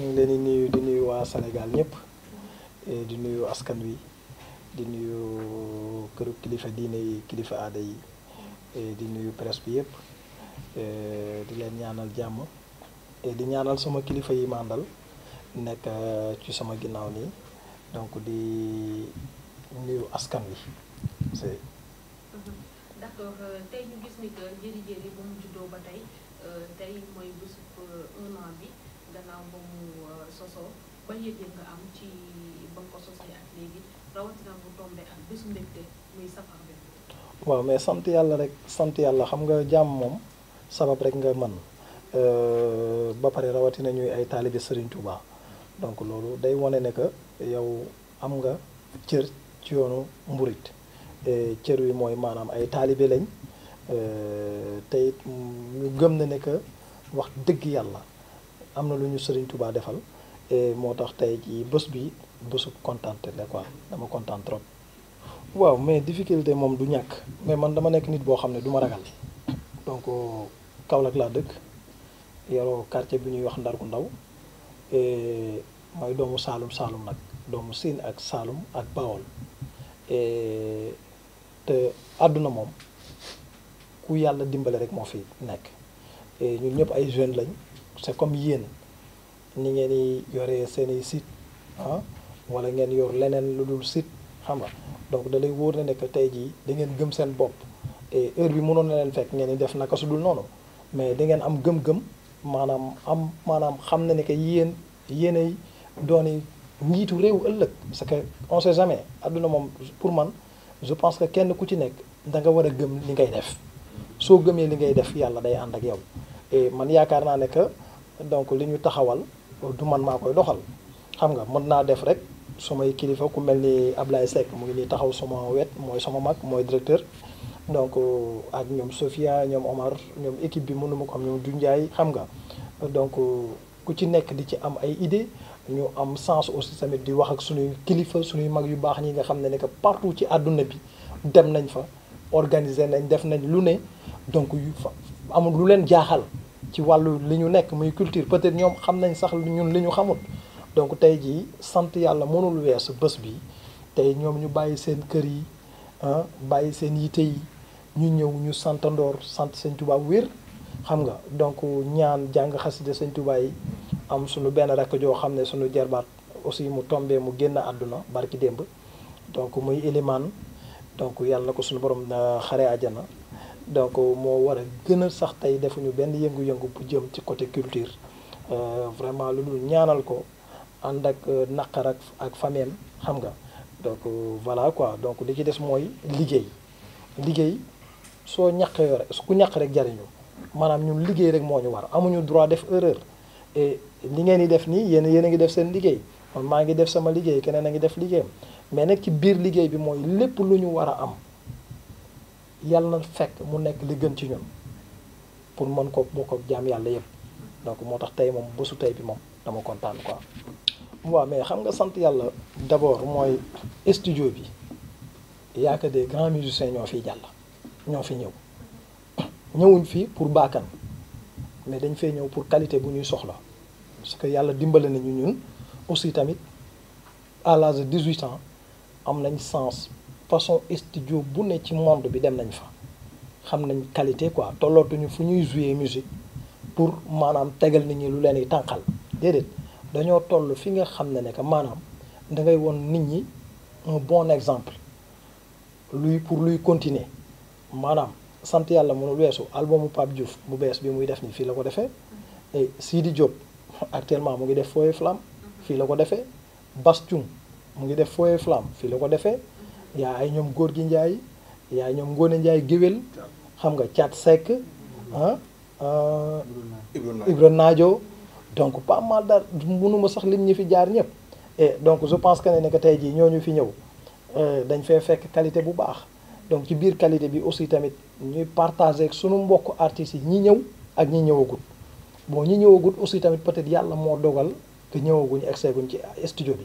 ñu ngi leen di nuyu di nuyu waa Sénégal ñëpp eh, di nuyu askan wi di nuyu këru kilifa diine yi kilifa aada yi eh, di nuyu presse bi yëpp eh, di leen ñaanal jàmm di ñaanal sama kilifa yi màndal nekk ci sama ginnaaw nii donc di nuyu askan wi c'est mhm. gannaaw euh, ci waaw mais sant yàlla rek sant yàlla xam nga jàmm moom sabab rek nga mën euh, ba pare rawatina ñuy ay taalibe Serigne Touba donc loolu day wane ne que yow am nga cër ci yoonu mburit cër wi mooy maanaam ay taalibe lañ euh, tey it ñu gëm na ne que wax dëgg yàlla. am na lu ñu Serigne Touba defal et moo tax tey jii bés bi bésu contente la quoi dama content trop. waaw mais difficulté moom du ñàkk mais man dama nekk nit boo xam ne du ma ragal donc euh, Kaolack laa dëkk yoroo quartier bi ñuy wax Ndar gu ndaw et mooy doomu Saalum Saalum nag doomu Siin ak Saalum ak Bawol te àdduna moom ku yàlla dimbale rek moo fi nekk ñun ñëpp ay jeunes lañ. c'est comme yéen ni ngeen di yoree seen i site ah wala ngeen yor leneen lu dul site xam nga donc da lay wóor na ne que tey jii da gëm seen bopp et heure bi mënoon na leen fekk ngeen di def naka su dul noonu mais da ngeen am gëm-gëm maanaam am maanaam xam na ne que yéen yéenay dooni njiitu réew ëllëg parce que on sait jamais adduna moom pour man je pense que kenn ku ci nekk danga war a gëm li ngay def soo gëmee li ngay def yàlla day ànd ak yow et man yaakaar naa ne donc liñu taxawal du man ko koy doxal xam nga mën na def rek sumay kilifa ku melni Ablaye sek mu ngi ni taxaw sama wet moy sama mak, moy directeur donc euh, ak ñom Sofia ñom Omar ñom équipe bi mënuma ko am ñoom Dundiaye xam nga donc euh, ku ci nek di ci am ay idée ñu am sens aussi tamit di wax ak suñu kilifa suñu mag yu bax ñi nga xam ne partout ci aduna bi dem nañ fa organiser nañ def nañ lu ne donc amul lu len jaaxal ci wàllu li ñu nekk muy culture peut ñoom xam nañ sax ñun li ñu xamul donc tey jii sant yàlla mënul weesu bés bi tey ñoom ñu bàyyi seen kër yi ah, bàyyi seen yite yi ñu ñëw ñu santandoor sant sëñ Tuubaa wér xam nga donc ñaan jàng xasida sëñ Tuubaa yi am suñu benn rakk joo xam ne suñu jarbaat aussi mu tombee mu génn àdduna barki démb donc muy Elimaan donc yàlla ko suñu borom ah, xare àjjana donc moo war a gën a sax tey defuñu benn yëngu-yëngu bu jëm ci côté culture euh, vraiment lu dul ñaanal ko ànd ak euh, naqar ak ak fameem xam nga donc euh, voilà quoi donc li ci des mooy liggéey liggéey soo ñaqee ku ñaq rek jariñu maanaam ñun liggéey rek moo ñu war amuñu droit def erreur e li ngeen di def nii yéen yéen a ngi def seen liggéey man maa ngi def sama liggéey keneen a ngi def liggéeyam mais nag ci biir liggéey bi mooy lépp lu ñu war a am yalla fek mu nek li gën ci ñun pour mën ko bokk ak jaam yàlla yëpp donc motax tay mom moom su tay bi mom dama kontaan quoi. wa mais xam nga sante yalla d'abord moy studio bi ya ka des grands musiciens ñoo fiy jàll ñoo fi ñëw ñëwuñ fii pour bakan mais dañ fee ñew pour qualité bu ñuy soxla parce que yalla dimbalé nañu ñun aussi tamit à l'âge de 18 ans am nañ sens façon studio bu ne ci monde bi dem nañ fa xam nañ qualité quoi ñu fu ñuy jouer musique pour manam tégal nit ñi lu leen tankal dedet déedéet tollu fi nga xam ne ne manam da ngay won nit ñi un bon exemple Lui pour lui continuer Madame, sant à la wessu Album Pape Diouf bu bees bi muy def ni fi la ko et Sidi Job actuellement mu ngi def foyer flam fi la ko Bastion Bass mu ngi def foyer flam fi la ko yaa ay ñoom góor gi Njaay yaa ñoom Ngoone Njaay géwél xam nga Thiat Seck ah, ah Ibra Naajo donc pas mal daal mënuma sax lim ñi fi jaar ñëpp donc je pense que ne que tey jii ñu fi ñëw euh, dañ fee fekk qualité bu baax donc ci biir qualité bi aussi tamit ñuy partager ak sunu mbokk artistes ñi ñëw ak ñi ñëwagut bon ñi ñëwagut aussi tamit peut-être yàlla moo dogal que ñëwaguñu egseeguñ ci studio bi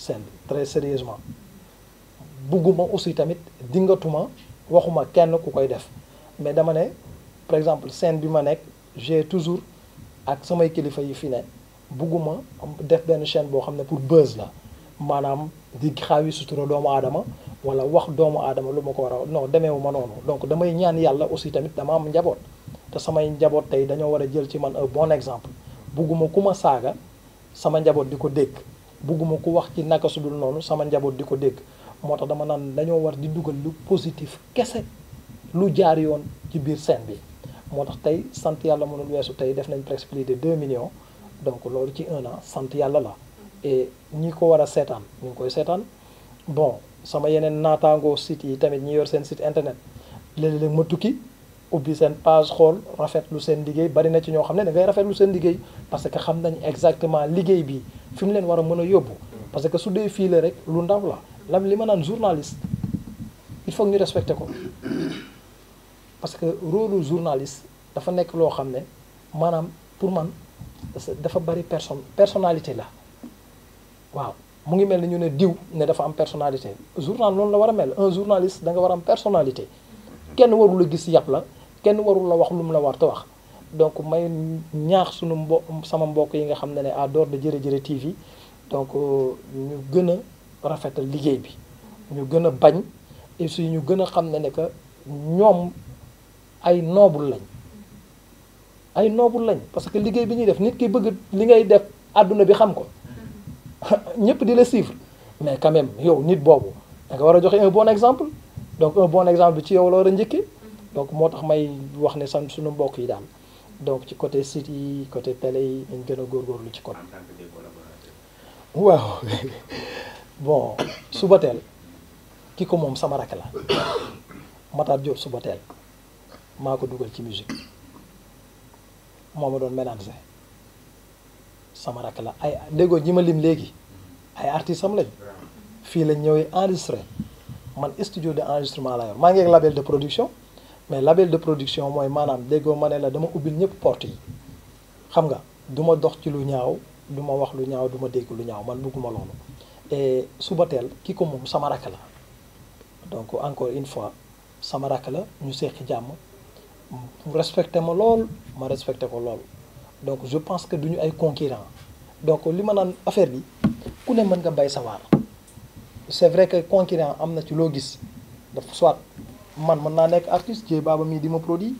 sen très sérieusement buguma aussi tamit dingatuma waxuma kenn ku koy def mais dama ne par exemple scène bi ma j'ai toujours ak samay kilifa yi fi ne buguma def ben chaîne bo pour buzz la manam di xaawi sutura doomu adama wala wax doomu adama luma ko wara non demeewu ma noonu donc damay ñaan yalla aussi tamit dama am njabot te samay njabot tay dañoo wara jël ci man un bon exemple buguma kuma saga sama njabot diko ko dégg bugguma ku wax ci naka sudul noonu sama njaboot di ko dégg moo tax dama naan dañoo war di dugal lu positif kese lu jaar yoon ci biir scène bi moo tax tey sant yàlla mënul weesu tey def nañ presque plus de 2 millions donc loolu ci un an sant yàlla la et ñi ko war a seetaan ñu koy seetaan bon sama yeneen naataangoo site yi tamit ñi yor seen sit internet léeg ma tukki ubbi seen page xool lu seen liggéey bari na ci ñoo xam ne da ngay rafetlu seen liggéey parce que xam nañ exactement liggéey bi fi mu leen war a mën a yóbbu parce que su dee fii la rek lu ndaw la lam li ma naan journaliste il faut ñu respecter ko parce que rôle journaliste dafa nekk loo xam ne maanaam pour man dafa bari personne personnalité la waaw mu ngi mel ni ñu ne diw ne dafa am personnalité journal noonu la war a mel un journaliste da nga war a am personnalité kenn warul a gis yàpp la kenn warul la wax lu mu la war wax donc may ñaax sunu mbo sama mbokk yi nga xam ne ne à dehors de Jërë Jërë TV donc euh, ñu gën a rafetal liggéey bi ñu gën a bañ et si ñu gën a xam ne ne que ñoom ay noble lañ ay noble lañ parce que liggéey bi ñuy def nit ki bëgg li ngay def àdduna bi xam ko ñëpp di la suivre mais quand même yow nit boobu da war a joxe un bon exemple donc un bon exemple bi ci yow la war a njëkkee donc moo tax may wax ne san suñu mbokk yi daal donc ci côté site yi côté pele yi nañ gën a góorgóorlu ci côté waaw bon suba teel ki ko moom sama rak la Matar Diop suba teel maa ko dugal ci musique moo ma doon ménager sama rak la ay déggoo ñi ma lim léegi ay artistes am lañ fii lañ ñëwee enregistré man studio de enregistrement laa yor maa ngi ak label de production mais label de production moy manam déggoo ma la dama ubbil ñëpp porte yi xam nga duma dox ci lu ñaaw duma wax lu ñaaw duma ma dégg lu ñaaw man bëgguma loolu et subatel kiko mom sama rakk la donc encore une fois sama rakk la ñu seqi jàmm mu respecté ma lool ma respecté ko lool donc je pense que duñu ay concurrent donc li ma naan affaire bi ku ne mën nga bay sa waar c'est vrai que concurrent amna ci lo gis dafa soit man mën naa nekk artiste Dieye baaba mii di ma produit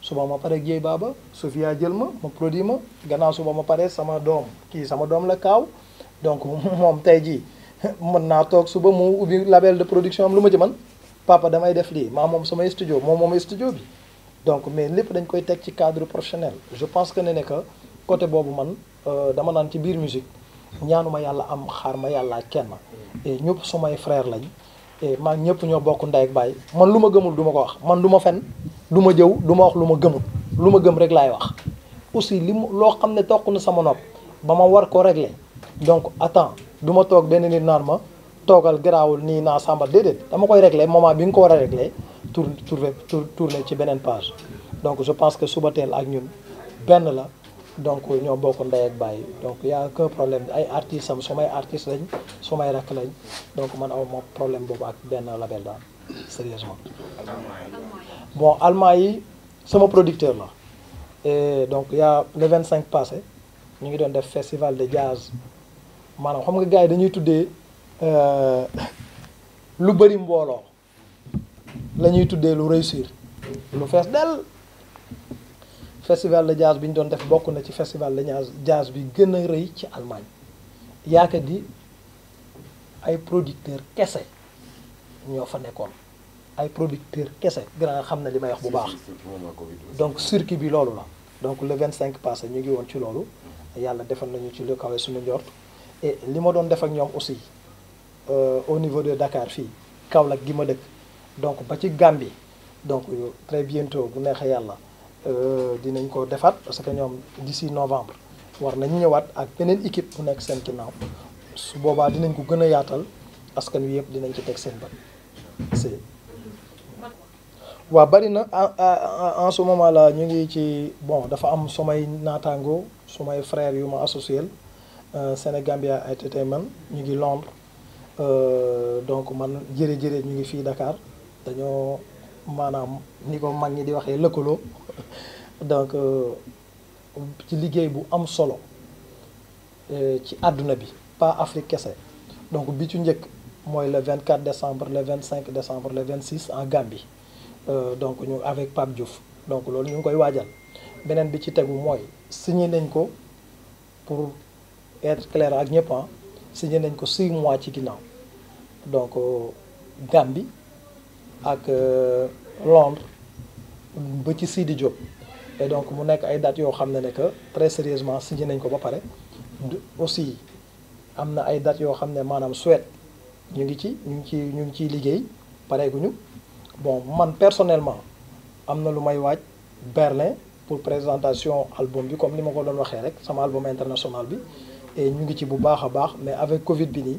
suba ma pare baaba Baba Sofia jël ma ma produit ma gannaaw suba ma paree sama doom kii sama doom la kaaw donc moom tey jii mën naa toog suba mu ubbi label de production am lu ma ci man papa damay def lii maa moom sama studio moom moom studio bi donc mais lépp dañ koy teg ci cadre professionnel je pense que ne ne que côté boobu man euh, dama naan ci biir musique ma yàlla am xaar ma yàlla kenn et ñëpp sumay frère lañ man ñepp ñoo bokk nday ak bay man luma ma gëmul du ko wax man du ma fen du jëw du wax gëmul luma gëm aussi lim lo ne na sama nopp bama ma war ko régler donc attends du ma ben normal nit naan ma toogal ni nii naa sàmba dama koy régler moment bi ngi ko war régler tour tourner ci page donc je pense que Soubatel ak ñun ben la donc ñoo bokk ndey ak bàyyi donc y a aucun problème ay artistes am su may artistes lañ su may rakk lañ donc man aw moom problème boobu ak benn label daal sérieusement bon allemand yi sama producteur la e donc y a cinq 25 passé ñu ngi doon def festival de jazz maanaam xam nga gars yi dañuy tuddee euh, lu bëri mbooloo lañuy tuddee lu réussir lu fees dell festival de jazz bi ñu doon def bokk na ci festival de jazz jazz bi gën a rëy ci Allemagne yaaka di ay producteur kese ñoo fa nekkoon ay producteur kese grand xam na li may wax bu baax donc circuit bi loolu la donc le 25 passé ñu ngi woon ci loolu yàlla defal nañu ci le kawe suñu njort et li ma doon def ak ñoom aussi euh, au niveau de Dakar fii Kaolack gi ma dëkk donc ba ci Gambie donc euh, très bientôt bu neexee yàlla Euh, dinañ ko defat parce que ñom d'ici novembre war nañ ñëwaat ak benen équipe bu nekk seen ginnaaw su boba dinañ ko gëna a yaatal askan wi yëpp dinañ ci tek seen ba c'est wa bari na en ce moment là ñu ngi ci bon dafa am sumay natango sumay frère yu ma associé euh, Sénégambia Entertainment ñu ngi Londres euh, donc man jëre jëre ñu ngi fi Dakar dañoo manam niko ko mag ñi di waxee lëkkaloo donc euh, ci liguey bu am solo euh, ci aduna bi pas Afrique kese donc bi ci njëkk moy le 24 décembre le 25 décembre le 26 en Gambie euh, donc ñu avec Pape Diouf donc lool ñu koy waajal benen bi ci teggu moy signé nañ ko pour être clair ak ñëpp ah, signé nañ ko 6 mois ci ginnaw donc Gambie ak euh, Londres petit ci et donc mu ay dates très sérieusement signé nañ ko aussi dates ne maanaam ñu ngi ci ñu ci ñu bon personnellement am lu Berlin pour présentation album bi comme ni ma ko rek album international bi et ñu ngi ci bu mais avec Covid bini.